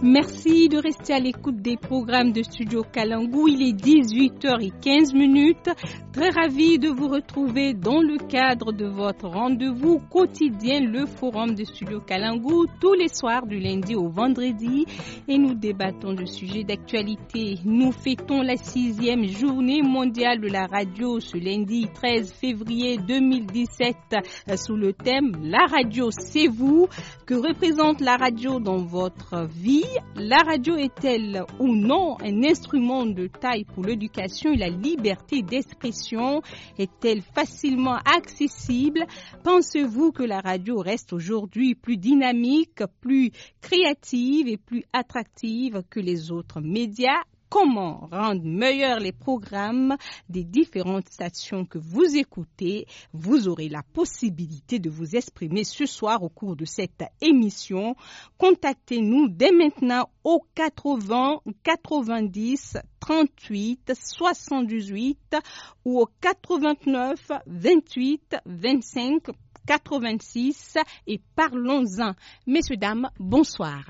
Merci de rester à l'écoute des programmes de Studio Kalangou. Il est 18h15 Très ravi de vous retrouver dans le cadre de votre rendez-vous quotidien, le forum de Studio Kalangou, tous les soirs du lundi au vendredi. Et nous débattons de sujets d'actualité. Nous fêtons la sixième journée mondiale de la radio ce lundi 13 février 2017 sous le thème La radio, c'est vous. Que représente la radio dans votre vie? la radio est-elle ou non un instrument de taille pour l'éducation et la liberté d'expression Est-elle facilement accessible Pensez-vous que la radio reste aujourd'hui plus dynamique, plus créative et plus attractive que les autres médias comment rendre meilleurs les programmes des différentes stations que vous écoutez. Vous aurez la possibilité de vous exprimer ce soir au cours de cette émission. Contactez-nous dès maintenant au 80 90 38 78 ou au 89 28 25 86 et parlons-en. Messieurs, dames, bonsoir.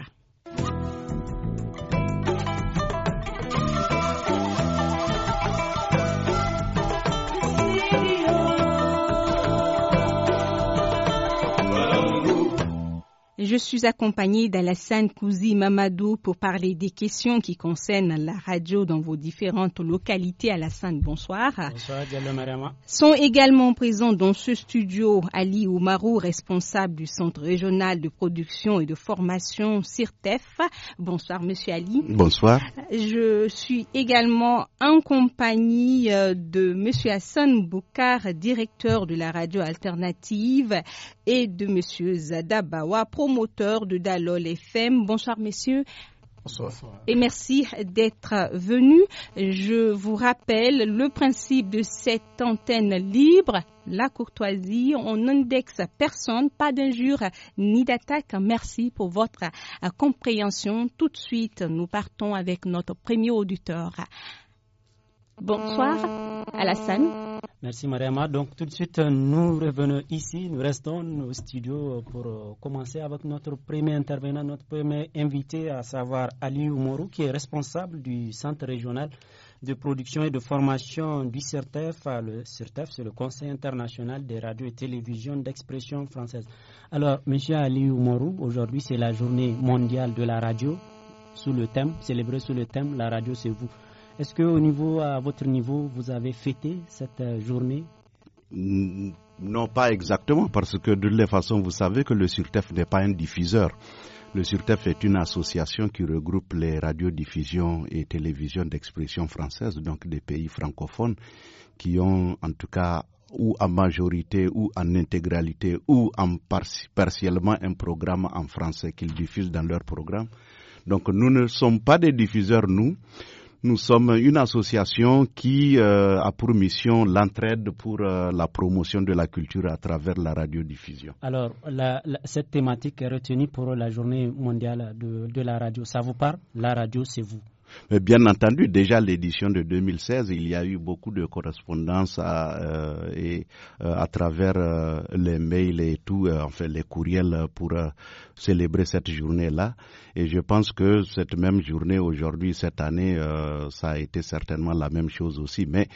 je suis accompagnée d'Alassane Kouzi Mamadou pour parler des questions qui concernent la radio dans vos différentes localités. Alassane, bonsoir. Bonsoir, Diallo Mariama. Sont également présents dans ce studio Ali Oumarou, responsable du Centre régional de production et de formation CIRTEF. Bonsoir, monsieur Ali. Bonsoir. Je suis également en compagnie euh, de monsieur Hassan Boukar, directeur de la radio alternative, et de monsieur Zadabawa, promoteur auteur de Dalol FM. Bonsoir, messieurs. Et merci d'être venu. Je vous rappelle le principe de cette antenne libre, la courtoisie. On n'indexe personne, pas d'injure ni d'attaque. Merci pour votre compréhension. Tout de suite, nous partons avec notre premier auditeur. Bonsoir, Alassane. Merci Mariamma. Donc tout de suite, nous revenons ici, nous restons au studio pour euh, commencer avec notre premier intervenant, notre premier invité, à savoir Ali Mourou, qui est responsable du Centre régional de production et de formation du CERTEF. Le CERTEF, c'est le Conseil international des radios et télévisions d'expression française. Alors, Monsieur Ali Mourou, aujourd'hui c'est la journée mondiale de la radio, sous le thème, célébrée sous le thème La radio c'est vous. Est-ce que au niveau, à votre niveau, vous avez fêté cette euh, journée Non, pas exactement, parce que de toute façon, vous savez que le SURTEF n'est pas un diffuseur. Le SURTEF est une association qui regroupe les radiodiffusions et télévisions d'expression française, donc des pays francophones, qui ont en tout cas ou en majorité ou en intégralité ou en partiellement un programme en français qu'ils diffusent dans leur programme. Donc nous ne sommes pas des diffuseurs, nous. Nous sommes une association qui euh, a pour mission l'entraide pour euh, la promotion de la culture à travers la radiodiffusion. Alors, cette thématique est retenue pour la journée mondiale de la radio. Ça vous parle La radio, c'est vous. Mais bien entendu, déjà l'édition de 2016, il y a eu beaucoup de correspondances à, euh, et, euh, à travers euh, les mails et tout, enfin les courriels pour célébrer cette journée-là. Et je pense que cette même journée aujourd'hui, cette année, ça a été certainement la même chose aussi. Mais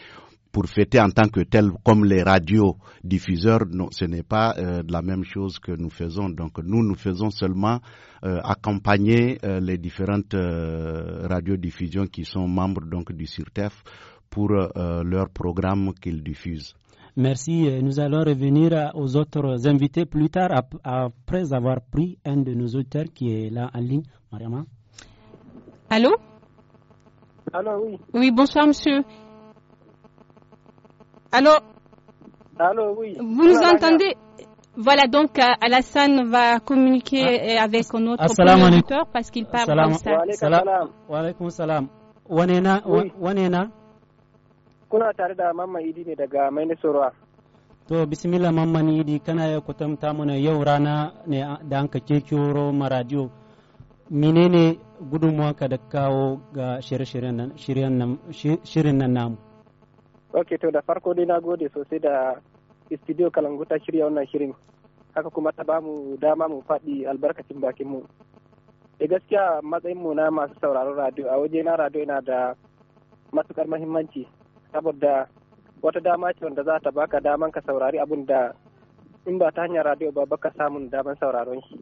pour fêter en tant que tel, comme les radiodiffuseurs, non, ce n'est pas euh, la même chose que nous faisons. Donc nous, nous faisons seulement euh, accompagner euh, les différentes radiodiffusions qui sont membres donc du CIRTEF pour leur programme qu'ils diffusent. Merci. Nous allons revenir aux autres invités plus tard après avoir pris un de nos auteurs qui est là en ligne. Mariama. Allô Allô, Oui, bonsoir, monsieur. Allô Allô, oui. Vous nous entendez voilà, donc euh, Alassane va communiquer ah. Euh, avec notre producteur parce qu'il parle comme ça. Wa alaikum salam. Wane na? Wane na? Kuna tare da Mamma Idi ne daga Mainisorwa. To, bismillah ni Idi, kana ya kutamta mana yau rana ne da an ka kekiro ma radio. Menene gudunmuwanka da kawo ga shirye-shiryen nan namu? ok to da farko dai na gode sosai da studio kalangu ta shirya wannan shirin haka kuma ta ba mu dama mu faɗi albarkacin bakin mu da eh, gaskiya matsayin mu na masu sauraron radio a waje na radio yana da matukar mahimmanci saboda wata dama ce wanda za ta baka daman ka saurari abun da in ba ta hanyar radio ba baka samun daman sauraron shi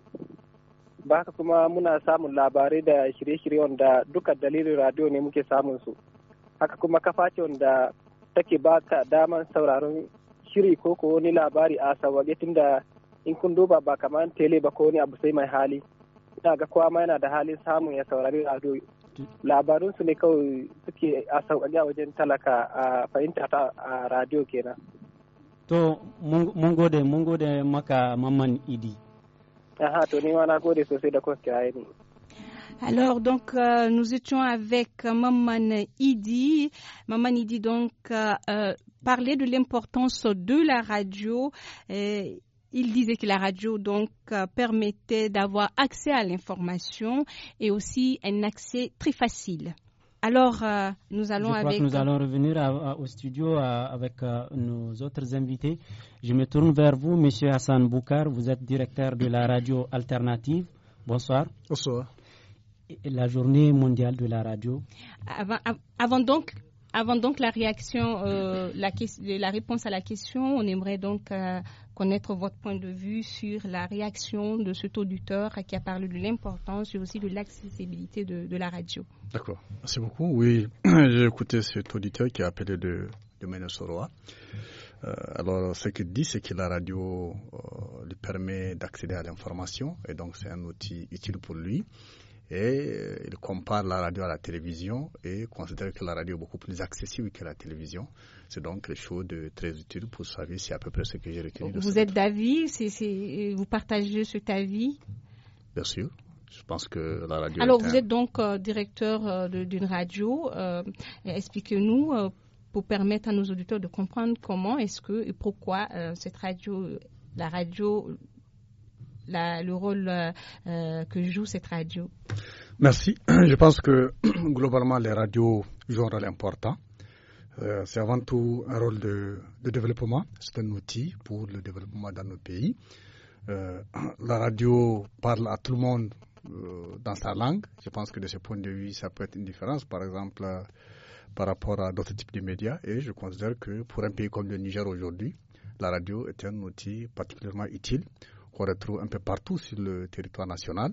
ba haka kuma muna samun labarai da shirye-shirye wanda duka dalilin radio ne muke samun su haka kuma kafa ce wanda take ba ka daman sauraron shiri ko ko wani labari a sawage tunda in kun duba ba kamar tele ba ko wani abu sai mai hali ina ga kowa yana da halin samun ya saurari radio labarun su ne kawai suke a sauƙaƙe a wajen talaka a fahimta ta a radio kenan to mun gode mun gode maka mamman idi aha to ni ma na gode sosai da kwaskiraye ne Alors, donc, euh, nous étions avec euh, Maman Idi. Maman Idi, donc, euh, parlait de l'importance de la radio. il disait que la radio, donc, permettait d'avoir accès à l'information et aussi un accès très facile. Alors, nous allons avec... nous allons revenir au studio avec nos autres invités. Je me tourne vers vous, Monsieur Hassan Boukar. Vous êtes directeur de la radio alternative. Bonsoir. Bonsoir la journée mondiale de la radio. Avant, donc. Avant donc la réaction, euh, la, réponse à la question, on aimerait donc euh, connaître votre point de vue sur la réaction de cet auditeur qui a parlé de l'importance et aussi de l'accessibilité de, la radio. D'accord, merci beaucoup. Oui, j'ai écouté cet auditeur qui a appelé de, de euh, alors, ce qu'il dit, c'est que la radio lui permet d'accéder à l'information et donc c'est un outil utile pour lui. Et euh, il compare la radio à la télévision et considère que la radio est beaucoup plus accessible que la télévision. C'est donc quelque chose de très utile pour savoir c'est à peu près ce que j'ai retenu. Vous êtes d'avis euh, Vous partagez cet avis Bien sûr. Je pense que la radio. Alors, vous êtes donc euh, directeur d'une radio. Expliquez-nous pour permettre à nos auditeurs de comprendre comment est-ce que et pourquoi cette radio, la radio le rôle euh, euh, que joue cette radio Merci. Je pense que globalement, les radios jouent un rôle important. Euh, c'est avant tout un rôle de, développement. C'est un outil pour le développement dans nos pays. la radio parle à tout le monde dans sa langue. Je pense que de ce point de vue, ça peut être une différence, par exemple, par rapport à d'autres types de médias. Et je considère que pour un pays comme le Niger aujourd'hui, la radio est un outil particulièrement utile qu'on retrouve un peu partout sur le territoire national.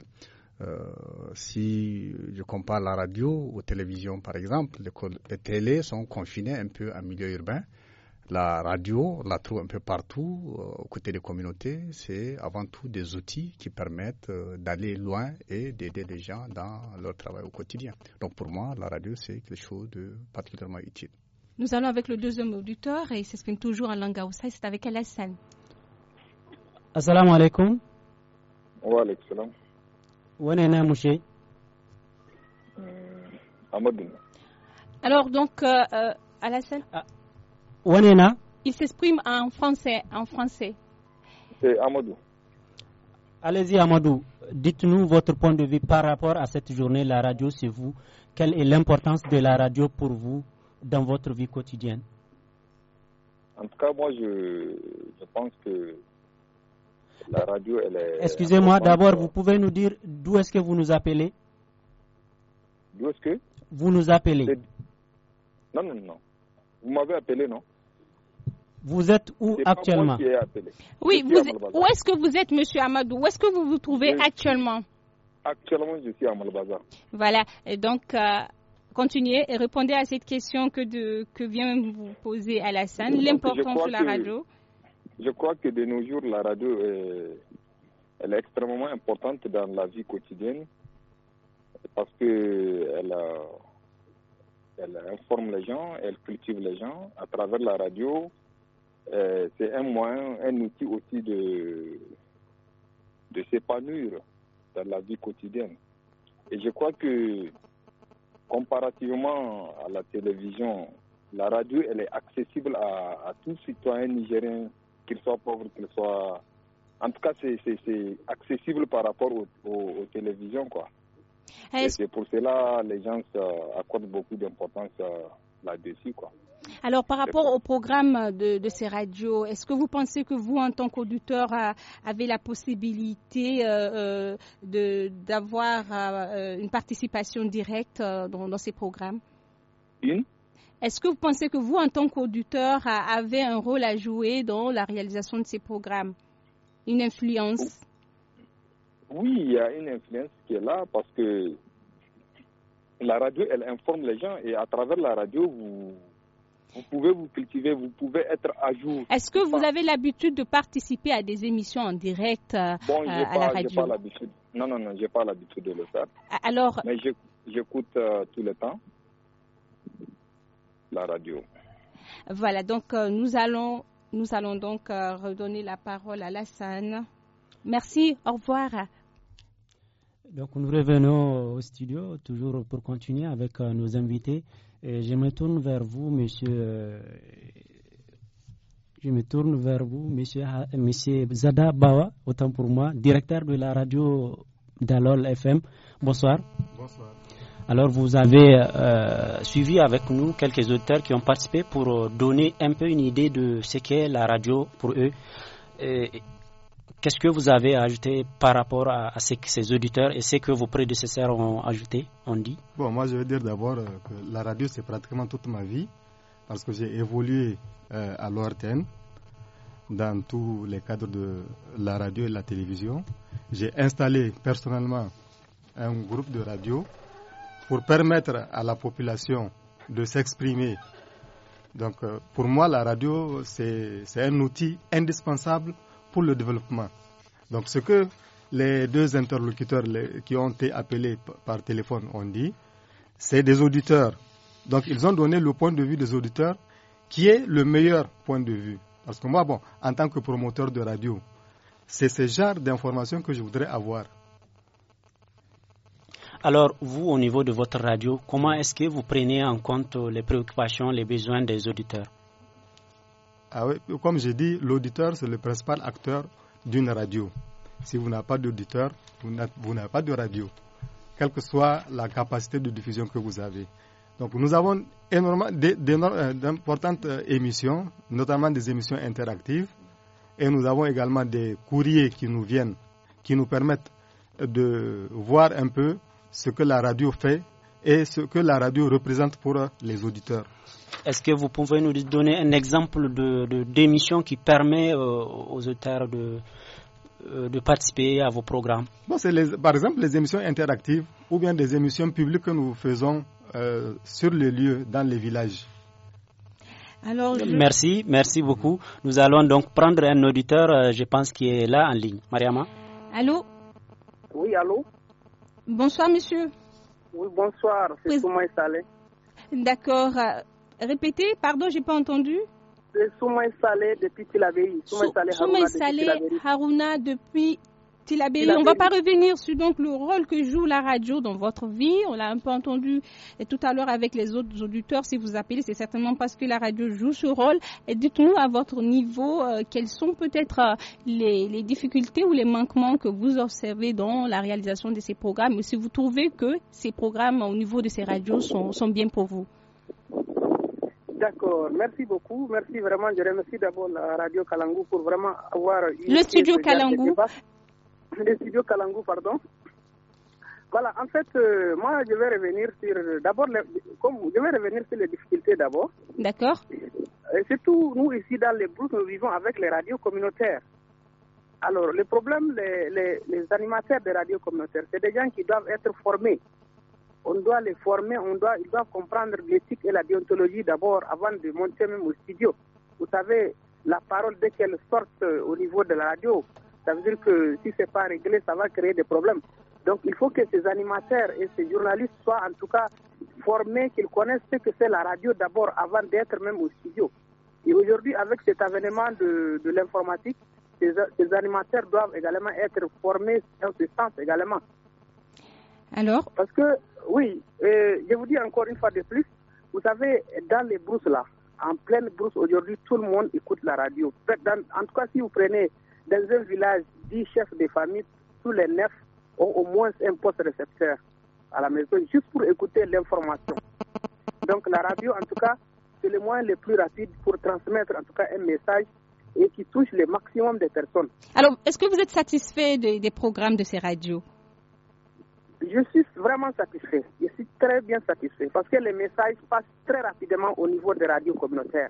Euh, si je compare la radio aux télévisions, par exemple, les, télé télés sont confinées un peu en milieu urbain. La radio, on la trouve un peu partout, euh, aux côtés des communautés. C'est avant tout des outils qui permettent euh, d'aller loin et d'aider les gens dans leur travail au quotidien. Donc pour moi, la radio, c'est quelque chose de particulièrement utile. Nous allons avec le deuxième auditeur et il s'exprime toujours en langue haoussa. C'est avec Alassane assalamu alaikum wa alaikum salam wane mm, amadou alors donc euh, euh Alassane ah. il s'exprime en français en français c'est Amadou allez-y Amadou dites-nous votre point de vue par rapport à cette journée la radio chez vous quelle est l'importance de la radio pour vous dans votre vie quotidienne en tout cas, moi, je, je pense que la radio, elle Excusez-moi, d'abord, vous pouvez nous dire d'où est-ce que vous nous appelez D'où est-ce que Vous nous appelez. Non, non, non. Vous m'avez appelé, non vous êtes où actuellement Oui, vous où est-ce que vous êtes, Monsieur Amadou Où est-ce que vous vous trouvez actuellement Actuellement, je suis à Malbaza. Voilà, et donc euh, continuez et répondez à cette question que, de, que vient vous poser Alassane, l'importance de la radio. Je crois que de nos jours, la radio est, elle est extrêmement importante dans la vie quotidienne parce que elle, elle informe les gens, elle cultive les gens à travers la radio. Euh, c'est un moyen, un outil aussi de, de s'épanouir dans la vie quotidienne. Et je crois que comparativement à la télévision, la radio, elle est accessible à, à tout citoyen nigérien qu'ils soient pauvres, qu'ils soient. En tout cas, c'est accessible par rapport aux, télévisions, quoi. c'est pour cela les gens euh, accordent beaucoup d'importance euh, là-dessus, Alors, par rapport au programme de, ces radios, est-ce que vous pensez que vous, en tant qu'auditeur, avez la possibilité euh, euh d'avoir une participation directe dans, dans ces programmes Une est-ce que vous pensez que vous, en tant qu'auditeur, avez un rôle à jouer dans la réalisation de ces programmes Une influence Oui, il y a une influence qui est là parce que la radio, elle informe les gens et à travers la radio, vous, pouvez vous cultiver, vous pouvez être à jour. Est-ce que vous avez l'habitude de participer à des émissions en direct euh, à la radio Non, non, je n'ai pas l'habitude de le faire. Alors Mais j'écoute euh, tout le temps la radio. Voilà, donc euh, nous, allons, nous allons donc euh, redonner la parole à Lassane. Merci, au revoir. Donc nous revenons au studio, toujours pour continuer avec euh, nos invités. je me tourne vers vous, monsieur. Je me tourne vers vous, monsieur, monsieur Zada Bawa, autant pour moi, directeur de la radio d'Alol FM. Bonsoir. Bonsoir. Alors vous avez euh, suivi avec nous quelques auteurs qui ont participé pour euh, donner un peu une idée de ce qu'est la radio pour eux. Qu'est-ce que vous avez ajouté par rapport à, à, ces, auditeurs et ce que vos prédécesseurs ont ajouté, ont dit Bon, moi je veux dire d'abord euh, que la radio c'est pratiquement toute ma vie parce que j'ai évolué à l'ORTN dans tous les cadres de la radio et la télévision. J'ai installé personnellement un groupe de radio pour permettre à la population de s'exprimer. Donc euh, pour moi, la radio, c'est un outil indispensable pour le développement. Donc ce que les deux interlocuteurs qui ont été appelés par téléphone ont dit, c'est des auditeurs. Donc ils ont donné le point de vue des auditeurs qui est le meilleur point de vue. Parce que moi, bon, en tant que promoteur de radio, c'est ce genre d'informations que je voudrais avoir. Alors, vous, au niveau de votre radio, comment est-ce que vous prenez en compte les préoccupations, les besoins des auditeurs ah Comme j'ai dit, l'auditeur, c'est le principal acteur d'une radio. Si vous n'avez pas d'auditeur, vous n'avez pas de radio, quelle que soit la capacité de diffusion que vous avez. Donc nous avons énormément euh, d'importantes euh, émissions, notamment des émissions interactives, et nous avons également des courriers qui nous viennent, qui nous permettent de voir un peu ce que la radio fait et ce que la radio représente pour euh, les auditeurs. Est-ce que vous pouvez nous donner un exemple de d'émission qui permet euh, aux auteurs de, euh, de participer à vos programmes bon, les, Par exemple, les émissions interactives ou bien des émissions publiques que nous faisons sur les lieux, dans les villages. Alors, Merci, merci beaucoup. Nous allons donc prendre un auditeur, je pense, qui est là en ligne. Mariama Allô Oui, allô Bonsoir, monsieur. Oui, bonsoir. C'est Souma Salé. D'accord. Euh, répétez, pardon, j'ai pas entendu. C'est Souma Salé depuis avait eu. Souma Salé Haruna depuis on ne va pas revenir sur donc le rôle que joue la radio dans votre vie. On l'a un peu entendu tout à l'heure avec les autres auditeurs. Si vous appelez, c'est certainement parce que la radio joue ce rôle. Et dites-nous à votre niveau quels euh, quelles sont peut-être euh, les, difficultés ou les manquements que vous observez dans la réalisation de ces programmes. si vous trouvez que ces programmes au niveau de ces radios sont, bien pour vous. D'accord, merci beaucoup. Merci vraiment. Je remercie d'abord la radio Kalangu pour vraiment avoir Le studio Kalangou les studios Kalangu, pardon. Voilà, en fait, euh, moi, je vais revenir sur d'abord, comme je vais revenir sur les difficultés d'abord. D'accord. C'est tout, nous ici dans les Brousses, nous vivons avec les radios communautaires. Alors, le problème, les, les, animateurs des radios communautaires, c'est des gens qui doivent être formés. On doit les former, on doit, ils doivent comprendre l'éthique et la déontologie d'abord avant de monter même au studio. Vous savez, la parole, dès qu'elle sort euh, au niveau de la radio, ça veut dire que si ce n'est pas réglé, ça va créer des problèmes. Donc il faut que ces animateurs et ces journalistes soient en tout cas formés, qu'ils connaissent ce que c'est la radio d'abord avant d'être même au studio. Et aujourd'hui, avec cet avènement de, l'informatique, ces, animateurs doivent également être formés en ce sens également. Alors Parce que, oui, euh, je vous dis encore une fois de plus, vous savez, dans les brousses là, en pleine brousse aujourd'hui, tout le monde écoute la radio. en tout cas, si vous prenez dans un village, 10 chefs de famille, tous les neuf ont au moins un poste récepteur à la maison, juste pour écouter l'information. Donc la radio, en tout cas, c'est le moyen le plus rapide pour transmettre en tout cas un message et qui touche le maximum de personnes. Alors, est-ce que vous êtes satisfait des programmes de ces radios Je suis vraiment satisfait. Je suis très bien satisfait parce que les messages passent très rapidement au niveau des radios communautaires.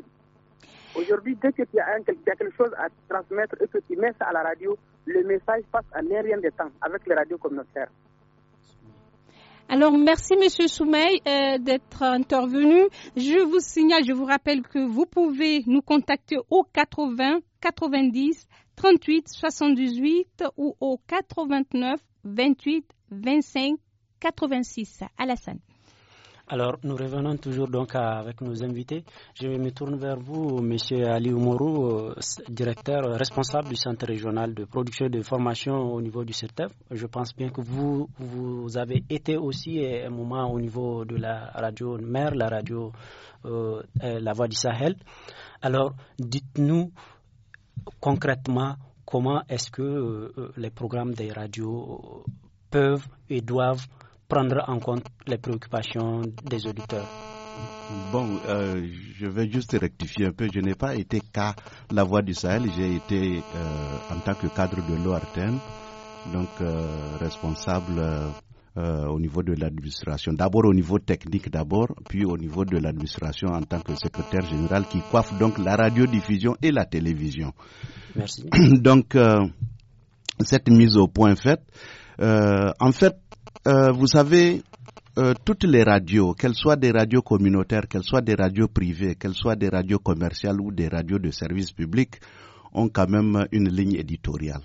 Aujourd'hui, dès que tu as, quelque chose à transmettre et que tu mets ça à la radio, le message passe en un rien de temps avec les radios communautaires. Alors, merci, Monsieur Soumeil, euh, d'être intervenu. Je vous signale, je vous rappelle que vous pouvez nous contacter au 80 90 38 78 ou au 89 28 25 86. À la scène. Alors, nous revenons toujours donc avec nos invités. Je me tourne vers vous, Monsieur Ali Oumourou, euh, directeur euh, responsable du Centre régional de production et de formation au niveau du CETEF. Je pense bien que vous, avez été aussi un moment au niveau de la radio mer, la radio euh, La Voix du Sahel. Alors, dites-nous concrètement comment est-ce que les programmes des radios peuvent et doivent prendre en compte les préoccupations des auditeurs Bon, euh, je vais juste rectifier un peu. Je n'ai pas été qu'à la voix du Sahel. J'ai été euh, en tant que cadre de l'ORTEM, donc euh, responsable euh, euh, au niveau de l'administration. D'abord au niveau technique, d'abord, puis au niveau de l'administration en tant que secrétaire général qui coiffe donc la radiodiffusion et la télévision. Merci. Donc euh, cette mise au point faite, en fait, euh, vous savez, euh, toutes les radios, qu'elles soient des radios communautaires, qu'elles soient des radios privées, qu'elles soient des radios commerciales ou des radios de service public, ont quand même une ligne éditoriale,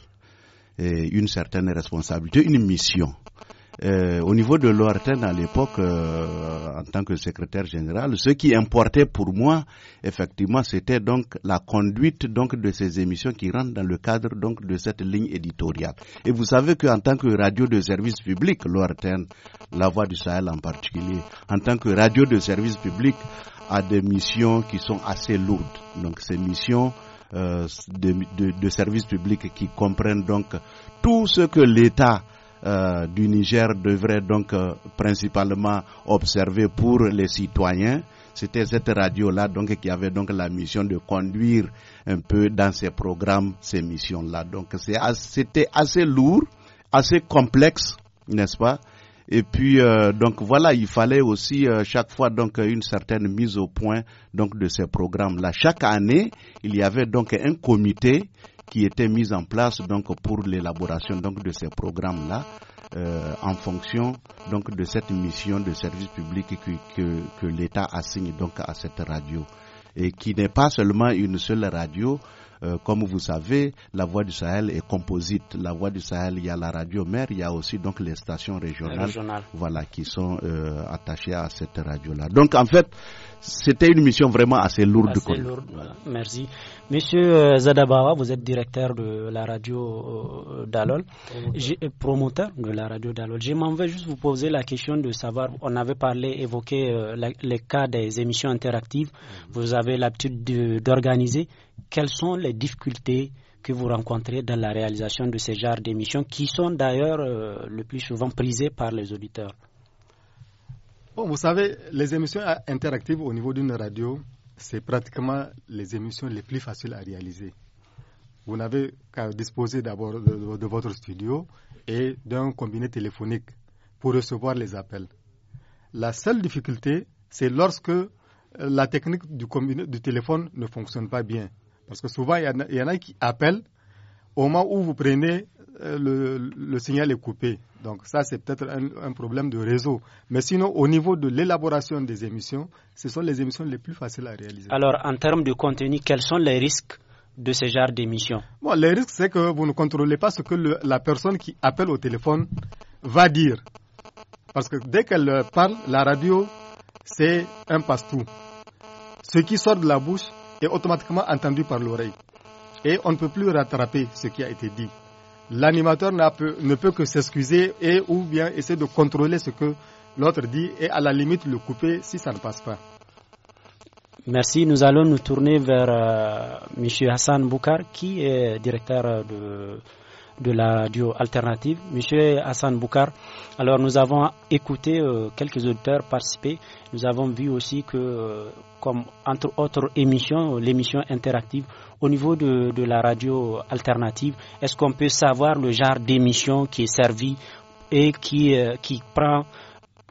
et une certaine responsabilité, une mission. Euh, au niveau de l'ORTEN à l'époque, euh, en tant que secrétaire général, ce qui importait pour moi, effectivement, c'était donc la conduite donc de ces émissions qui rentrent dans le cadre donc de cette ligne éditoriale. Et vous savez qu'en tant que radio de service public, l'ORTEN, la Voix du Sahel en particulier, en tant que radio de service public, a des missions qui sont assez lourdes. Donc ces missions euh, de, de, de service public qui comprennent donc tout ce que l'État euh, du Niger devrait donc euh, principalement observer pour les citoyens. C'était cette radio-là donc qui avait donc la mission de conduire un peu dans ces programmes, ces missions-là. Donc c'était assez lourd, assez complexe, n'est-ce pas et puis euh, donc voilà, il fallait aussi euh, chaque fois donc une certaine mise au point donc de ces programmes là. Chaque année, il y avait donc un comité qui était mis en place donc pour l'élaboration donc de ces programmes là. Euh, en fonction donc de cette mission de service public que, que, que l'État assigne donc à cette radio et qui n'est pas seulement une seule radio euh, comme vous savez, la Voix du Sahel est composite. La Voix du Sahel, il y a la radio mère, il y a aussi donc les stations régionales, voilà, qui sont euh, attachées à cette radio-là. Donc en fait, c'était une mission vraiment assez lourde. de Merci. Monsieur euh, Zadabawa, vous êtes directeur de la radio euh, d'Alol, euh, promoteur. de la radio d'Alol. Je m'en vais juste vous poser la question de savoir, on avait parlé, évoqué les cas des émissions interactives, mhm. vous avez l'habitude d'organiser. Quelles sont les difficultés que vous rencontrez dans la réalisation de ces genres d'émissions qui sont d'ailleurs le plus souvent prisées par les auditeurs vous savez, les émissions interactives au niveau d'une radio, c'est pratiquement les émissions les plus faciles à réaliser. Vous n'avez qu'à disposer d'abord de, votre studio et d'un combiné téléphonique pour recevoir les appels. La seule difficulté, c'est lorsque euh, la technique du, combiné, du téléphone ne fonctionne pas bien. Parce que souvent, il y en a, qui appellent. Au moment où vous prenez, euh, le signal est coupé. Donc ça, c'est peut-être un, problème de réseau. Mais sinon, au niveau de l'élaboration des émissions, ce sont les émissions les plus faciles à réaliser. Alors, en termes de contenu, quels sont les risques de ce genre d'émission bon, Les risques, c'est que vous ne contrôlez pas ce que la personne qui appelle au téléphone va dire. Parce que dès qu'elle parle, la radio, c'est un passe-tout. Ce qui sort de la bouche est automatiquement entendu par l'oreille. Et on ne peut plus rattraper ce qui a été dit l'animateur ne peut que s'excuser et ou bien essayer de contrôler ce que l'autre dit et à la limite le couper si ça ne passe pas. Merci. Nous allons nous tourner vers euh, M. Hassan Boukar, qui est directeur de, la duo alternative. M. Hassan Boukar, alors nous avons écouté euh, quelques auditeurs participer. Nous avons vu aussi que, euh, comme entre autres émissions, l'émission interactive, au niveau de, la radio alternative, est-ce qu'on peut savoir le genre d'émission qui est servie et qui, euh, qui prend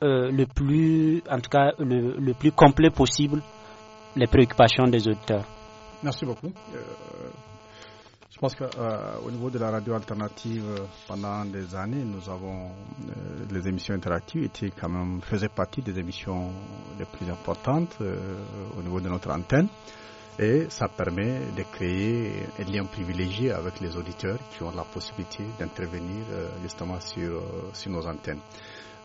euh, le plus, en tout cas, le, le, plus complet possible les préoccupations des auditeurs Merci beaucoup. Euh, je pense qu'au niveau de la radio alternative, pendant des années, nous avons les émissions interactives étaient quand faisaient partie des émissions les plus importantes au niveau de notre antenne et ça permet de créer un lien privilégié avec les auditeurs qui ont la possibilité d'intervenir euh, justement euh, sur, nos antennes.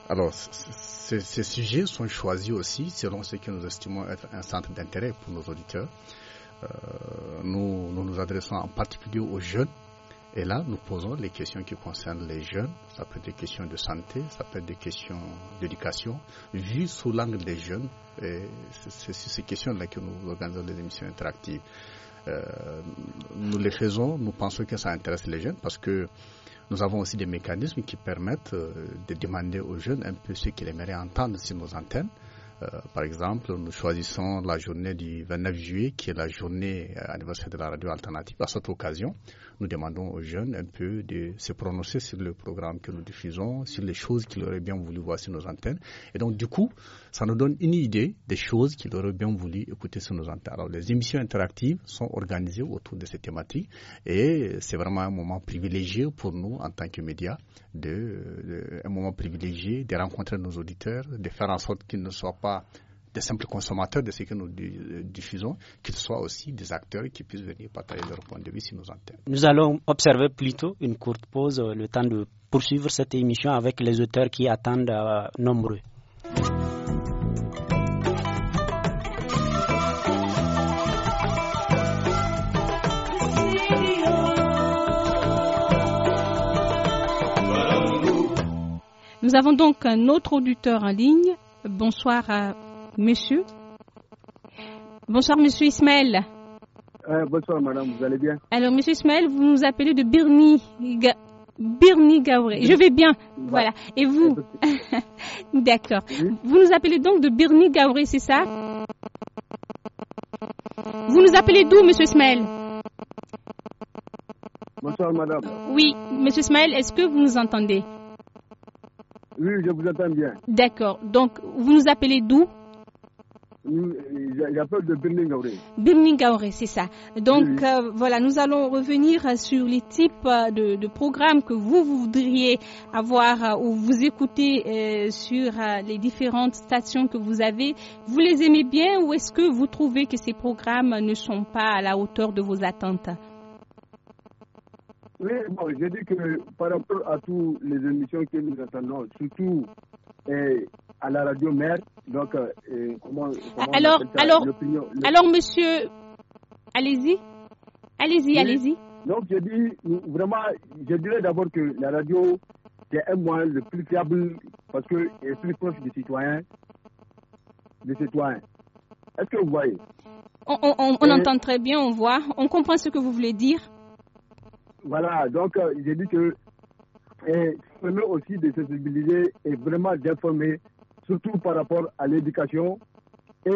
Alors, ces, sujets sont choisis aussi selon ce que nous estimons être un centre d'intérêt pour nos auditeurs. Euh, nous, nous adressons en particulier aux jeunes et là, nous posons les questions qui concernent les jeunes. Ça peut être des questions de santé, ça peut être des questions d'éducation. Vu sous l'angle des jeunes, Et c'est sur ces questions-là que nous organisons des émissions interactives. Euh, nous les faisons, nous pensons que ça intéresse les jeunes parce que nous avons aussi des mécanismes qui permettent euh, de demander aux jeunes un peu ce qu'ils aimeraient entendre sur nos antennes. Euh, par exemple, nous choisissons la journée du 29 juillet, qui est la journée anniversaire de la radio alternative. À cette occasion, nous demandons aux jeunes un peu de se prononcer sur le programme que nous diffusons, sur les choses qu'ils auraient bien voulu voir sur nos antennes. Et donc, du coup, ça nous donne une idée des choses qu'ils auraient bien voulu écouter sur nos antennes. Alors, les émissions interactives sont organisées autour de ces thématiques et c'est vraiment un moment privilégié pour nous en tant que médias, de, un moment privilégié de rencontrer nos auditeurs, de faire en sorte qu'ils ne soient pas des simples consommateurs de ce que nous diffusons, qu'ils soient aussi des acteurs qui puissent venir partager leur point de vue si nous tenons. Nous allons observer plutôt une courte pause, euh, le temps de poursuivre cette émission avec les auteurs qui attendent euh, nombreux. Nous avons donc un autre auditeur en ligne. Bonsoir à monsieur. Bonsoir, monsieur Ismaël. Eh, bonsoir, madame, vous allez bien Alors, monsieur Ismaël, vous nous appelez de Birni, Ga... Je vais bien, voilà. Et vous D'accord. Vous nous appelez donc de Birni Gaouré, c'est ça Vous nous appelez d'où, monsieur Ismaël Bonsoir, madame. Oui, monsieur Ismaël, est-ce que vous nous entendez Oui, je vous entends bien. D'accord. Donc, vous nous appelez d'où J'appelle de Birning de c'est ça. Donc euh, voilà, nous allons revenir sur les types euh, de, programmes que vous voudriez avoir euh, ou vous écouter sur les différentes stations que vous avez. Vous les aimez bien ou est-ce que vous trouvez que ces programmes ne sont pas à la hauteur de vos attentes oui, bon, j'ai dit que par rapport à toutes les émissions que nous attendons, surtout eh, à la radio mère. Donc, euh, comment, alors, alors, alors, monsieur, allez-y, allez-y, allez-y. Donc, je dis vraiment, je dirais d'abord que la radio, c'est un moyen le plus fiable parce que est plus proche des citoyens. Des citoyens. Est-ce que vous voyez On, entend très bien, on voit, on comprend ce que vous voulez dire. Voilà, donc euh, j'ai dit que c'est permet aussi de sensibiliser et vraiment d'informer surtout par rapport à l'éducation et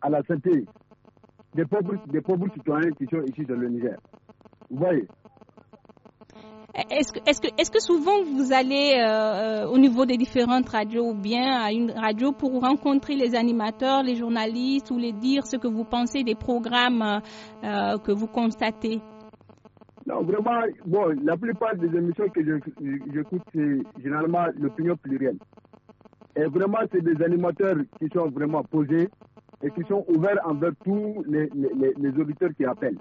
à la santé des pauvres, des pauvres citoyens qui sont ici dans le Niger. Vous voyez est-ce que, souvent vous allez euh, euh, au niveau des différentes radios ou bien à une radio pour rencontrer les animateurs, les journalistes ou les dire ce que vous pensez des programmes euh, que vous constatez Non, vraiment, bon, la plupart des émissions que j'écoute, c'est généralement l'opinion plurielle. Et vraiment, c'est des animateurs qui sont vraiment posés et qui sont ouverts envers tous les, auditeurs qui appellent.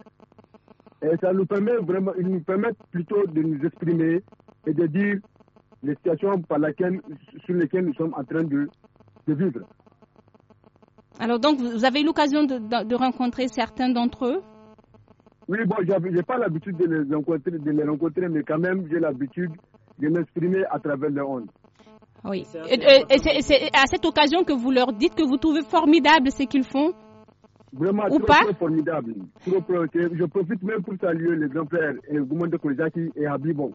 Et ça nous permet vraiment, ils nous permettent plutôt de nous exprimer et de dire les situations par laquelle, sur lesquelles nous sommes en train de, vivre. Alors donc, vous avez eu l'occasion de, rencontrer certains d'entre eux Oui, bon, n'ai pas l'habitude de les rencontrer, de les rencontrer, mais quand même, j'ai l'habitude de m'exprimer à travers les ondes. Oui. Et C'est à cette occasion que vous leur dites que vous trouvez formidable ce qu'ils font Vraiment, c'est trop, formidable. je profite même pour saluer les grands-pères de Kouzaki et Habibon.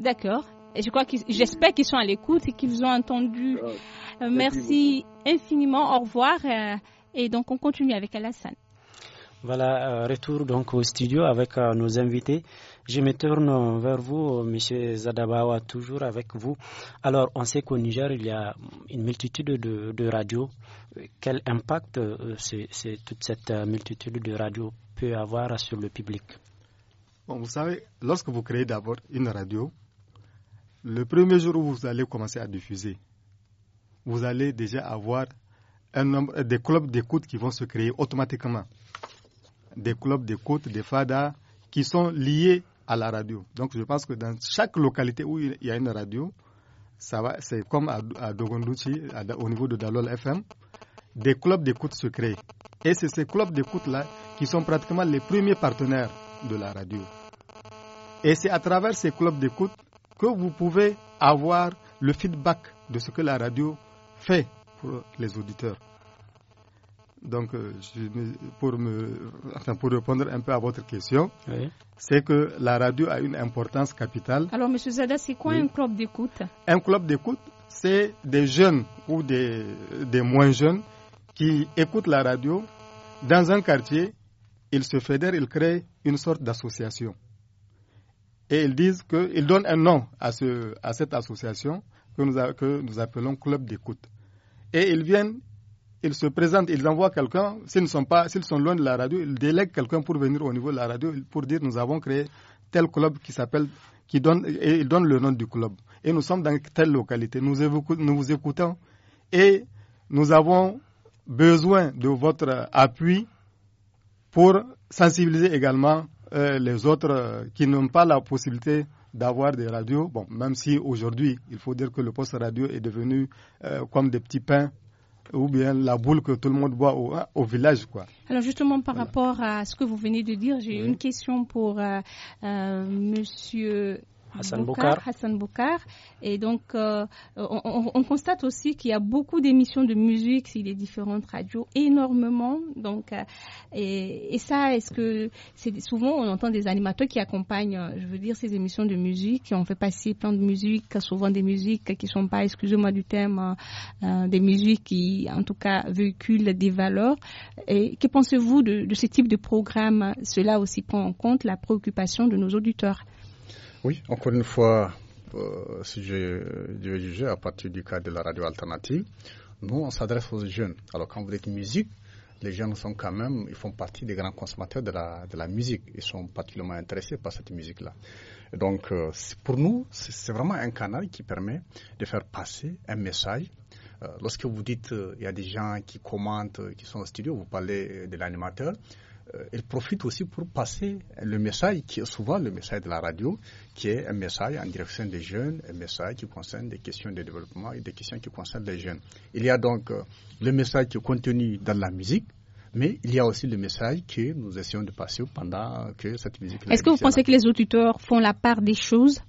D'accord. Et Je crois que j'espère qu'ils sont à l'écoute et qu'ils ont entendu. Ah, euh, merci, merci infiniment. Au revoir. Euh, et donc, on continue avec Alassane. Voilà, euh, retour donc au studio avec euh, nos invités. Je me tourne vers vous, Monsieur Zadabawa, toujours avec vous. Alors, on sait qu'au Niger, il y a une multitude de, radios. Quel impact euh, toute cette multitude de radios peut avoir sur le public Vous savez, lorsque vous créez d'abord une radio, le premier jour où vous allez commencer à diffuser, vous allez déjà avoir un nombre de clubs d'écoute qui vont se créer automatiquement des clubs d'écoute, des fada qui sont liés à la radio. Donc je pense que dans chaque localité où il y a une radio, ça va, c'est comme à, au niveau de Dalol FM, des clubs d'écoute se créent. Et c'est ces clubs d'écoute-là qui sont pratiquement les premiers partenaires de la radio. Et c'est à travers ces clubs d'écoute que vous pouvez avoir le feedback de ce que la radio fait pour les auditeurs donc euh, je, pour, me, pour répondre un peu à votre question, c'est que la radio a une importance capitale. Alors, M. Zada, c'est quoi un club d'écoute Un club d'écoute, c'est des jeunes ou des, des moins jeunes qui écoutent la radio dans un quartier, ils se fédèrent, ils créent une sorte d'association. Et ils disent que, ils donnent un nom à, ce, à cette association que nous, que nous appelons Club d'écoute. Et ils viennent, ils se présentent, ils envoient quelqu'un, s'ils sont sont loin de la radio, ils délèguent quelqu'un pour venir au niveau de la radio pour dire nous avons créé tel club qui s'appelle, qui donne, et ils donnent le nom du club. Et nous sommes dans telle localité. Nous, vous écoutons et nous avons besoin de votre appui pour sensibiliser également euh, les autres euh, qui n'ont pas la possibilité d'avoir des radios. Bon, même si aujourd'hui, il faut dire que le poste radio est devenu euh, comme des petits pains ou bien la boule que tout le monde boit au, village. Quoi. Alors justement, par rapport à ce que vous venez de dire, j'ai une question pour euh, euh Monsieur Hassan Bokar. Hassan Et donc, euh, on, constate aussi qu'il y a beaucoup d'émissions de musique sur les différentes radios, énormément. Donc, euh, et, ça, est-ce que c'est souvent on entend des animateurs qui accompagnent, euh, je veux dire, ces émissions de musique, qui on fait passer plein de musiques, souvent des musiques qui ne sont pas, excusez-moi du terme, hein, des musiques qui, en tout cas, véhiculent des valeurs. Et que pensez-vous de, de ce type de programme Cela aussi prend en compte la préoccupation de nos auditeurs. Oui, encore une fois, euh, si je, juger à partir du cas de la radio alternative, nous, on s'adresse aux jeunes. Alors, quand vous dites musique, les jeunes sont quand même, ils font partie des grands consommateurs de la, musique. Ils sont particulièrement intéressés par cette musique-là. Donc, euh, pour nous, c'est vraiment un canal qui permet de faire passer un message. Euh, lorsque vous dites, il y a des gens qui commentent, qui sont au studio, vous parlez de l'animateur. Euh, il profite aussi pour passer le message qui est souvent le message de la radio, qui est un message en direction des jeunes, un message qui concerne des questions de développement et des questions qui concernent les jeunes. Il y a donc euh, le message qui est contenu dans la musique, mais il y a aussi le message que nous essayons de passer pendant que cette musique. Est-ce que vous pensez que les auditeurs font la part des choses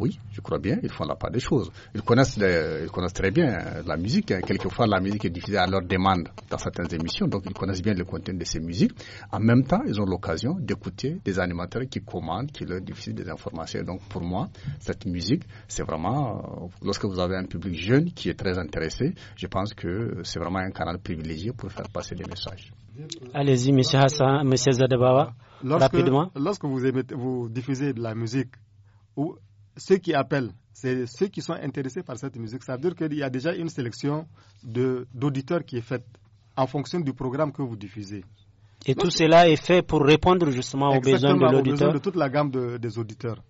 oui, je crois bien, ils font la part des choses. Ils connaissent, ils connaissent très bien euh, la musique. Hein. Quelquefois, la musique est diffusée à leur demande dans certaines émissions, donc ils connaissent bien le contenu de ces musiques. En même temps, ils ont l'occasion d'écouter des animateurs qui commandent, qui leur diffusent des informations. Donc, pour moi, cette musique, c'est vraiment, euh, lorsque vous avez un public jeune qui est très intéressé, je pense que c'est vraiment un canal privilégié pour faire passer des messages. Allez-y, M. Hassan, M. Zadebawa, rapidement. Lorsque vous, vous diffusez de la musique, ou ceux qui appellent, c'est ceux qui sont intéressés par cette musique. Ça veut dire qu'il y a déjà une sélection d'auditeurs qui est faite en fonction du programme que vous diffusez. Et tout cela est fait pour répondre justement aux besoins de l'auditeur. de toute la gamme des auditeurs.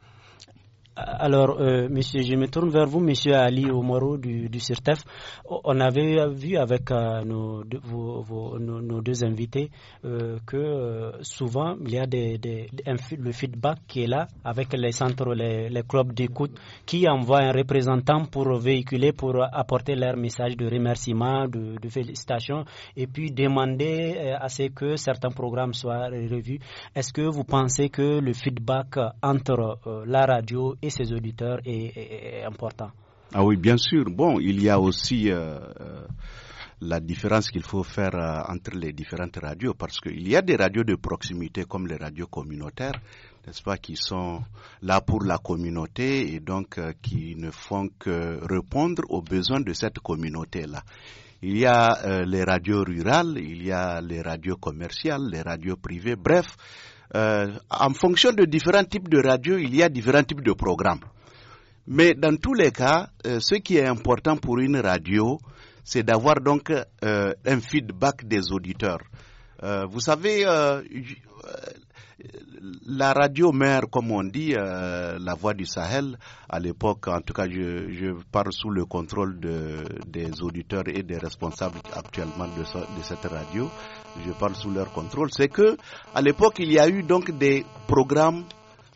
Alors, euh, monsieur, je me tourne vers vous, monsieur Ali Omoro du, du CIRTEF. On avait vu avec euh, nos, deux, invités euh, que souvent, il y a le feedback qui est là avec les centres, les, clubs d'écoute qui envoient un représentant pour véhiculer, pour apporter leur message de remerciement, de, de félicitations et puis demander à ce que certains programmes soient revus. Est-ce que vous pensez que le feedback entre la radio et ses auditeurs est, important. Ah oui, bien sûr. Bon, il y a aussi euh, euh, la différence qu'il faut faire euh, entre les différentes radios, parce qu'il y a des radios de proximité comme les radios communautaires, n'est-ce pas, qui sont là pour la communauté et donc qui ne font que répondre aux besoins de cette communauté-là. Il y a les radios rurales, il y a les radios commerciales, les radios privées, bref, euh, en fonction de différents types de radios, il y a différents types de programmes. Mais dans tous les cas, euh, ce qui est important pour une radio, c'est d'avoir donc euh, un feedback des auditeurs. vous savez, la radio mère, comme on dit, la voix du Sahel, à l'époque, en tout cas, je, parle sous le contrôle des auditeurs et des responsables actuellement de cette radio je parle sous leur contrôle, c'est que à l'époque il y a eu donc des programmes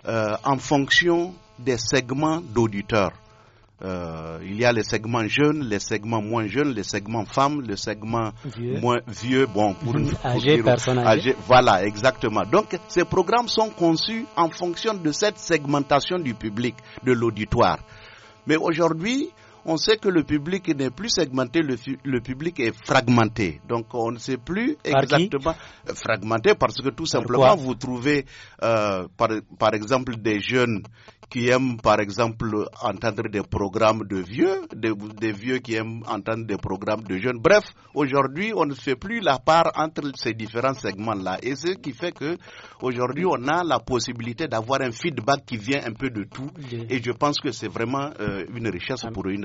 euh, en fonction des segments d'auditeurs. Euh, il y a les segments jeunes, les segments moins jeunes, les segments femmes, les segments vieux. moins vieux, bon, pour, une, âgé, Voilà, exactement. Donc, ces programmes sont conçus en fonction de cette segmentation du public, de l'auditoire. Mais aujourd'hui, on sait que le public n'est plus segmenté, le, public est fragmenté. Donc on ne sait plus exactement euh, fragmenté parce que tout simplement vous trouvez euh, par, exemple des jeunes qui aiment par exemple entendre des programmes de vieux, des, vieux qui aiment entendre des programmes de jeunes. Bref, aujourd'hui on ne fait plus la part entre ces différents segments-là et ce qui fait que aujourd'hui on a la possibilité d'avoir un feedback qui vient un peu de tout et je pense que c'est vraiment euh, une richesse pour une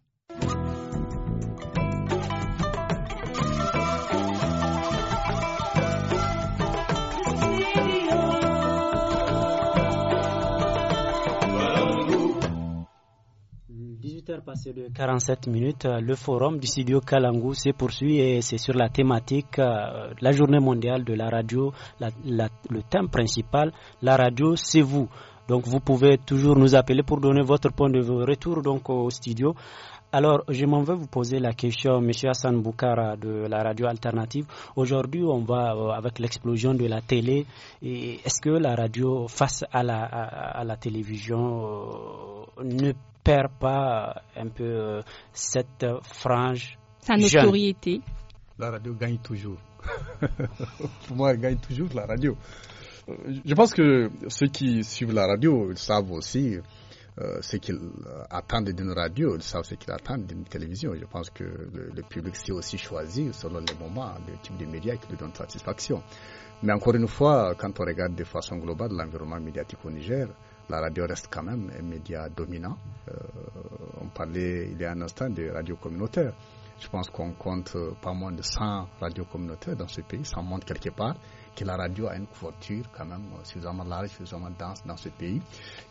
de 47 minutes, euh, le forum du studio Kalangu se poursuit et c'est sur la thématique euh, la journée mondiale de la radio, le thème principal, la radio, c'est vous. Donc vous pouvez toujours nous appeler pour donner votre point de retour donc au studio. Alors, je m'en vais vous poser la question, monsieur Hassan Boukara de la radio alternative. Aujourd'hui, on va euh, avec l'explosion de la télé. Est-ce que la radio, face à la, à, la télévision, ne ne perd pas euh, un peu euh, cette euh, frange Sa notoriété La radio gagne toujours. Pour moi, elle gagne toujours la radio. Je pense que ceux qui suivent la radio, ils savent aussi ce qu'ils attendent d'une radio, ils savent ce qu'ils attendent d'une télévision. Je pense que le, public s'est aussi choisi selon les moments, le type de médias qui lui donne satisfaction. Mais encore une fois, quand on regarde de façon globale l'environnement médiatique au Niger, la radio reste quand même un média dominant. Euh, on parlait il y a un instant des radios communautaires. Je pense qu'on compte euh, pas moins de 100 radios communautaires dans ce pays. Ça montre quelque part que la radio a une couverture quand même euh, suffisamment large, suffisamment dense dans ce pays.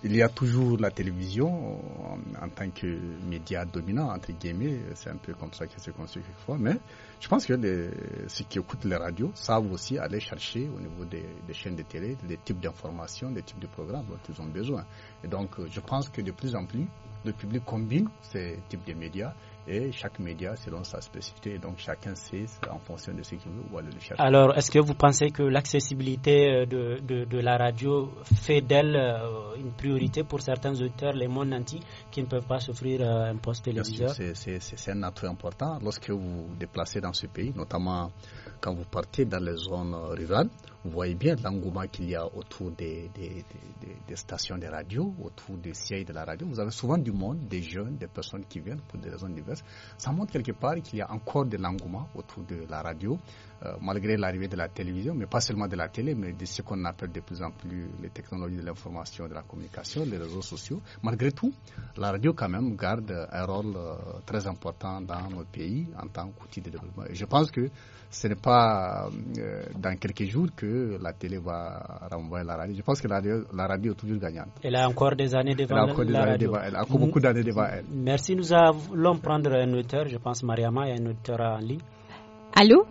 Il y a toujours la télévision euh, en, tant que média dominant, entre guillemets. C'est un peu comme ça que c'est construit quelquefois. Mais je pense que ceux qui écoutent les radios savent aussi aller chercher au niveau des, chaînes de télé des types d'informations, des types de programmes dont ils ont besoin. Et donc, je pense que de plus en plus, le public combine ces types de médias et chaque média selon sa spécificité. Donc chacun sait en fonction de ce qu'il veut aller le chercher. Alors, est-ce que vous pensez que l'accessibilité euh, de, la radio fait d'elle euh, une priorité pour certains auteurs, les mondes nantis, qui ne peuvent pas s'offrir euh, un poste téléviseur C'est un atout important. Lorsque vous vous déplacez dans ce pays, notamment quand vous partez dans les zones rurales, vous voyez bien l'engouement qu'il y a autour des, des stations de radio, autour des sièges de la radio. Vous avez souvent du monde, des jeunes, des personnes qui viennent pour des raisons diverses ça montre quelque part qu'il y a encore de l'engouement autour de la radio, euh, malgré l'arrivée de la télévision, mais pas seulement de la télé, mais de ce qu'on appelle de plus en plus les technologies de l'information, de la communication, les réseaux sociaux. Malgré tout, la radio quand même garde un rôle euh, très important dans notre pays en tant qu'outil de développement. Et je pense que ce n'est pas euh, dans quelques jours que la télé va renvoyer la radio. Je pense que la radio, est toujours gagnante. Elle a encore des années devant elle. elle. a encore beaucoup d'années devant elle. Merci. Nous allons prendre un auteur. Je pense Mariama a un auteur en ligne. Allô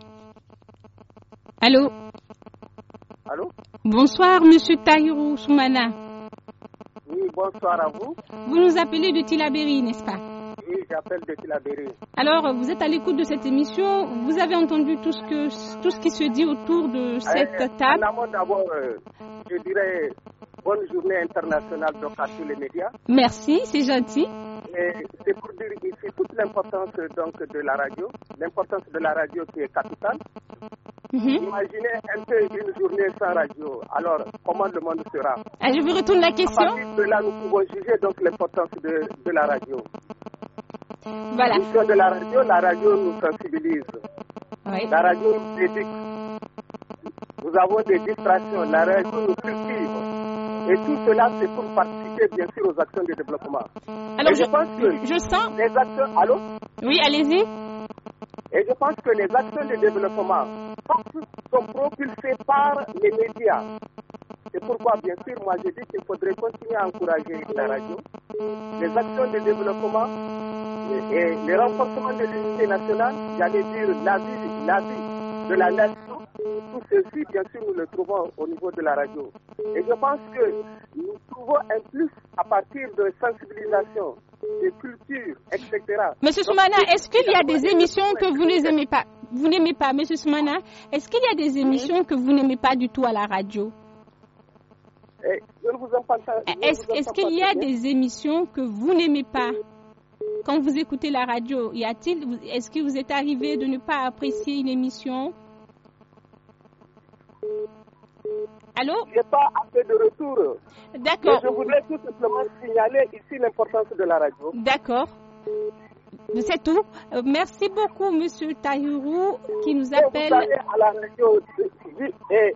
Allô Allô Bonsoir, monsieur Tayrou Soumana. Oui, bonsoir à vous. Vous nous appelez de Tilaberi, n'est-ce pas j'appelle depuis la Alors, vous êtes à l'écoute de cette émission. Vous avez entendu tout ce, que, tout ce qui se dit autour de euh, cette table. Euh, je dirais bonne journée internationale donc à tous les médias. Merci, c'est gentil. C'est pour dire ici toute l'importance donc de la radio, l'importance de la radio qui est capitale. Mhm. Imaginez un peu une journée sans radio. Alors, comment le monde sera ah, Je vous retourne la question. À partir de là, nous pouvons juger donc l'importance de, de la radio. Voilà. de la radio, la radio nous sensibilise. La radio nous éduque. Nous avons des distractions. La radio nous cultive. Et tout cela, c'est pour participer, bien sûr, aux actions de développement. Alors, je, pense que sens. Les actions. Allô Oui, allez-y. Et je pense que les actions de développement sont propulsées par les médias. C'est pourquoi, bien sûr, moi j'ai dit qu'il faudrait continuer à encourager la radio, les actions de développement et, le renforcement de l'unité nationale, j'allais dire la vie, la de la nation. Tout ceci, bien sûr, nous le trouvons au niveau de la radio. Et je pense que nous trouvons un plus à partir de sensibilisation, de culture, etc. Monsieur Soumana, est-ce qu'il y a des émissions que vous n'aimez pas Vous n'aimez pas, Monsieur Soumana Est-ce qu'il y a des émissions que vous n'aimez pas du tout à la radio eh, eh, est-ce qu'il y a des émissions que vous n'aimez pas quand vous écoutez la radio Y a-t-il Est-ce que vous êtes arrivé de ne pas apprécier une émission Allô n'ai pas assez de retour. D'accord. Je voudrais tout simplement signaler ici l'importance de la radio. D'accord. C'est tout. Euh, merci beaucoup, Monsieur Tahirou, qui nous appelle. à la radio. Et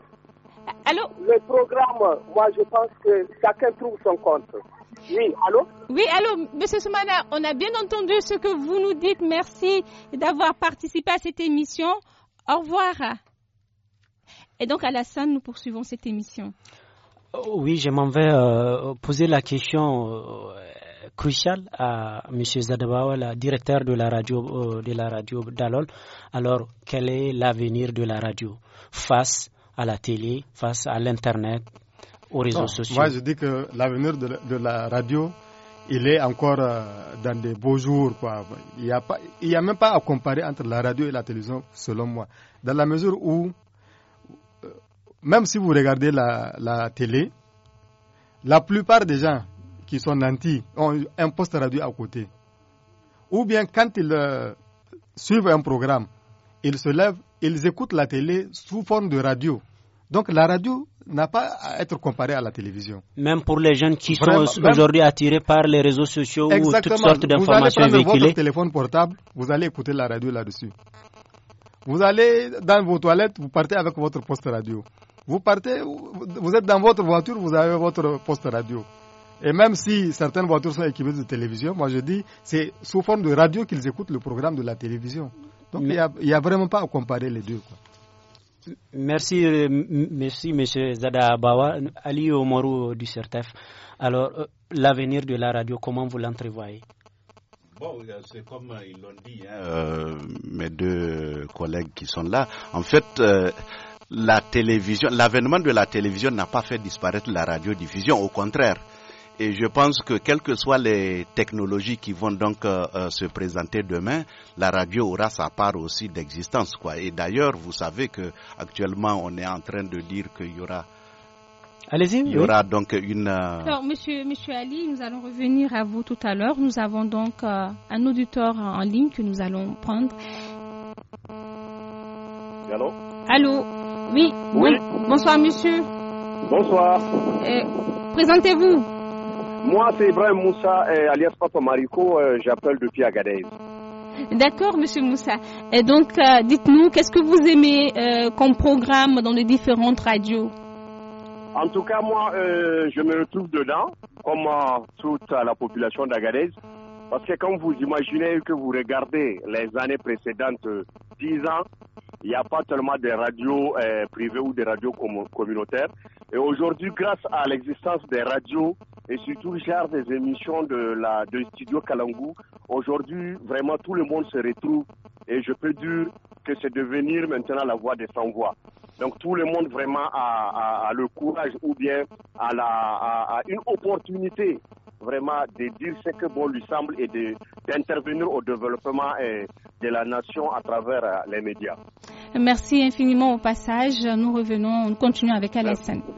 Allô Le programme, moi je pense que chacun trouve son compte. Oui, allô Oui, allô, Monsieur Soumana, on a bien entendu ce que vous nous dites. Merci d'avoir participé à cette émission. Au revoir. Et donc, à la scène, nous poursuivons cette émission. Oh, oui, je m'en vais euh, poser la question euh, cruciale à M. Zadabawa, le directeur de la radio euh, de la radio d'Alol. Alors, quel est l'avenir de la radio face à la télé, face à l'Internet, aux réseaux sociaux. Moi, je dis que l'avenir de, la radio, il est encore euh, dans des beaux jours. Quoi. Il n'y a, a même pas à comparer entre la radio et la télévision, selon moi. Dans la mesure où, euh, même si vous regardez la, télé, la plupart des gens qui sont nantis ont un poste radio à côté. Ou bien quand ils euh, suivent un programme, ils se lèvent ils écoutent la télé sous forme de radio. Donc la radio n'a pas à être comparée à la télévision. Même pour les jeunes qui sont aujourd'hui attirés par les réseaux sociaux ou toutes sortes d'informations véhiculées. Vous allez votre téléphone portable, vous allez écouter la radio là-dessus. Vous allez dans vos toilettes, vous partez avec votre poste radio. Vous partez, vous êtes dans votre voiture, vous avez votre poste radio. Et même si certaines voitures sont équipées de télévision, moi je dis, c'est sous forme de radio qu'ils écoutent le programme de la télévision. Donc, il n'y a, vraiment pas à comparer les deux. Merci, euh, merci, M. Zada Bawa. Ali Omarou du CERTEF. Alors, euh, l'avenir de la radio, comment vous l'entrevoyez Bon, euh, c'est comme ils l'ont dit, hein, mes deux collègues qui sont là. En fait, la télévision, l'avènement de la télévision n'a pas fait disparaître la radiodiffusion, au contraire. Et je pense que quelles que soient les technologies qui vont donc euh, euh, se présenter demain, la radio aura sa part aussi d'existence, quoi. Et d'ailleurs, vous savez que actuellement, on est en train de dire qu'il y aura allez-y, il y aura donc une. Euh, Alors, monsieur, Ali, nous allons revenir à vous tout à l'heure. Nous avons donc un auditeur en ligne que nous allons prendre. Allô Allô Oui. Oui. Bonsoir, monsieur. Bonsoir. Présentez-vous. Moi, c'est Ibrahim Moussa, euh, alias Papa Marico, euh, j'appelle depuis Agadez. D'accord, Monsieur Moussa. Et donc, euh, dites-nous, qu'est-ce que vous aimez comme programme dans les différentes radios En tout cas, moi, je me retrouve dedans, comme toute la population d'Agadez. Parce que quand vous imaginez que vous regardez les années précédentes, 10 ans, il n'y a pas tellement de radios privées ou des radios communautaires. Et aujourd'hui, grâce à l'existence des radios et surtout genre des émissions de la de Studio Kalangu, aujourd'hui vraiment tout le monde se retrouve et je peux dire que c'est devenir maintenant la voix des sans voix. Donc tout le monde vraiment a, a, a le courage ou bien a, la, a une opportunité vraiment de dire ce que bon lui semble et d'intervenir au développement euh, de la nation à travers euh, les médias. Merci infiniment au passage. Nous revenons, nous continuons avec Alessandre.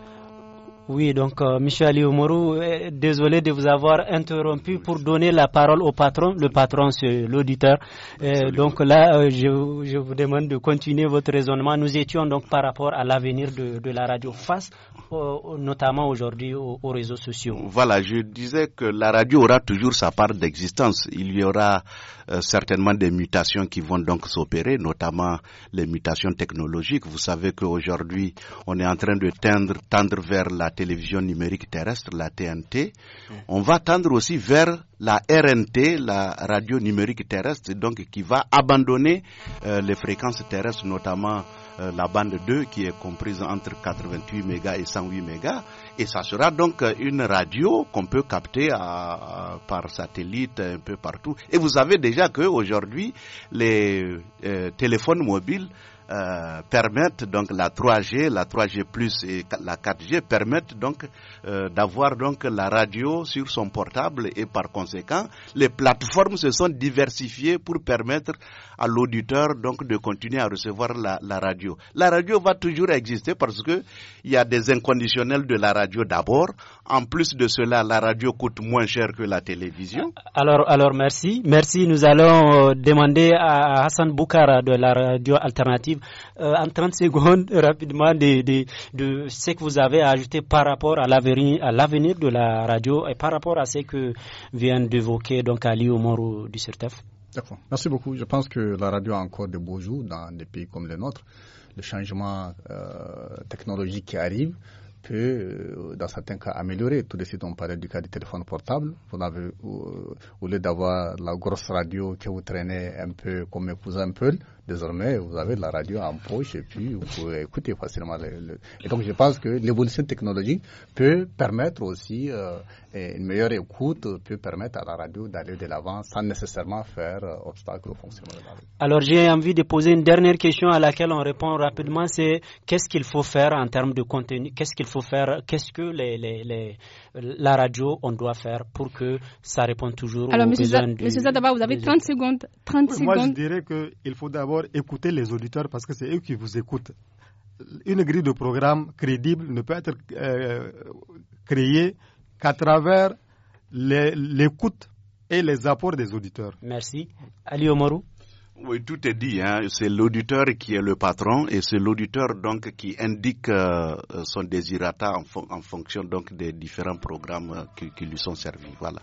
Oui, donc euh, Michel Ali euh, désolé de vous avoir interrompu pour donner la parole au patron. Le patron, c'est l'auditeur. Euh, donc là, euh, je, vous demande de continuer votre raisonnement. Nous étions donc par rapport à l'avenir de, la radio face, notamment aujourd'hui aux, réseaux sociaux. Voilà, je disais que la radio aura toujours sa part d'existence. Il y aura certainement des mutations qui vont donc s'opérer, notamment les mutations technologiques. Vous savez qu'aujourd'hui, on est en train de tendre vers la télévision numérique terrestre, la TNT. Mm. On va tendre aussi vers la RNT, la radio numérique terrestre, donc qui va abandonner euh, les fréquences terrestres, notamment euh, la bande 2 qui est comprise entre 88 mégas et 108 mégas. Et ça sera donc euh, une radio qu'on peut capter par satellite un peu partout. Et vous savez déjà qu'aujourd'hui, les téléphones mobiles euh, permettent donc la 3G, la 3G plus et la 4G permettent donc euh, d'avoir donc la radio sur son portable et par conséquent les plateformes se sont diversifiées pour permettre à l'auditeur donc de continuer à recevoir la, la, radio. La radio va toujours exister parce que il y a des inconditionnels de la radio d'abord. En plus de cela, la radio coûte moins cher que la télévision. Alors, alors merci, merci. Nous allons euh, demander à Hassan Boukara de la radio alternative euh, en 30 secondes rapidement de, de, ce que vous avez ajouté par rapport à l'avenir à l'avenir de la radio et par rapport à ce que vient d'évoquer donc Ali Omorou du CERTEF. D'accord. Merci beaucoup. Je pense que la radio a encore de beaux jours dans des pays comme le nôtre. Le changement euh, technologique qui arrive peut, euh, dans certains cas, améliorer. Tout de suite, on parlait du cas du téléphone portable. Vous avez, euh, au lieu d'avoir la grosse radio que vous traînez un peu comme mes un peu, désormais, vous avez la radio en poche et puis vous pouvez écouter facilement. Le, Et donc, je pense que l'évolution technologique peut permettre aussi une meilleure écoute peut permettre à la radio d'aller de l'avant sans nécessairement faire euh, obstacle au fonctionnement de la radio. Alors j'ai envie de poser une dernière question à laquelle on répond rapidement, c'est qu'est-ce qu'il faut faire en termes de contenu, qu'est-ce qu'il faut faire, qu'est-ce que la radio, on doit faire pour que ça réponde toujours aux besoins du... Monsieur Zadaba, vous avez 30 secondes. 30 moi, je dirais qu'il faut d'abord écouter les auditeurs parce que c'est eux qui vous écoutent une grille de programme crédible ne peut être euh, créée qu'à travers l'écoute et les apports des auditeurs. Merci. Ali Omarou. Oui, tout est dit. Hein. C'est l'auditeur qui est le patron et c'est l'auditeur donc qui indique euh, son désirata en, fonction donc des différents programmes euh, qui, qui lui sont servis. Voilà.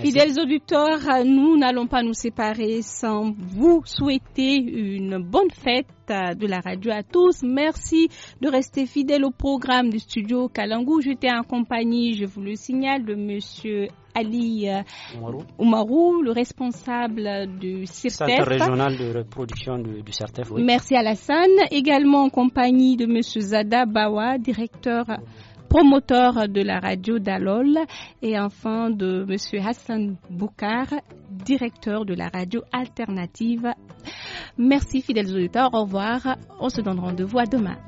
Fidèles auditeurs, euh, nous n'allons pas nous séparer sans vous souhaiter une bonne fête euh, de la radio à tous. Merci de rester fidèles au programme du studio Kalangou. J'étais en compagnie, je vous le signale, de monsieur Ali euh, Oumarou, le responsable du CIRTEF. Centre régional de reproduction du, Merci Alassane. Également en compagnie de monsieur Zada Bawa, directeur promoteur de la radio d'Alol, et enfin de M. Hassan Boukar, directeur de la radio alternative. Merci fidèles auditeurs, au revoir, on se donne rendez-vous à demain.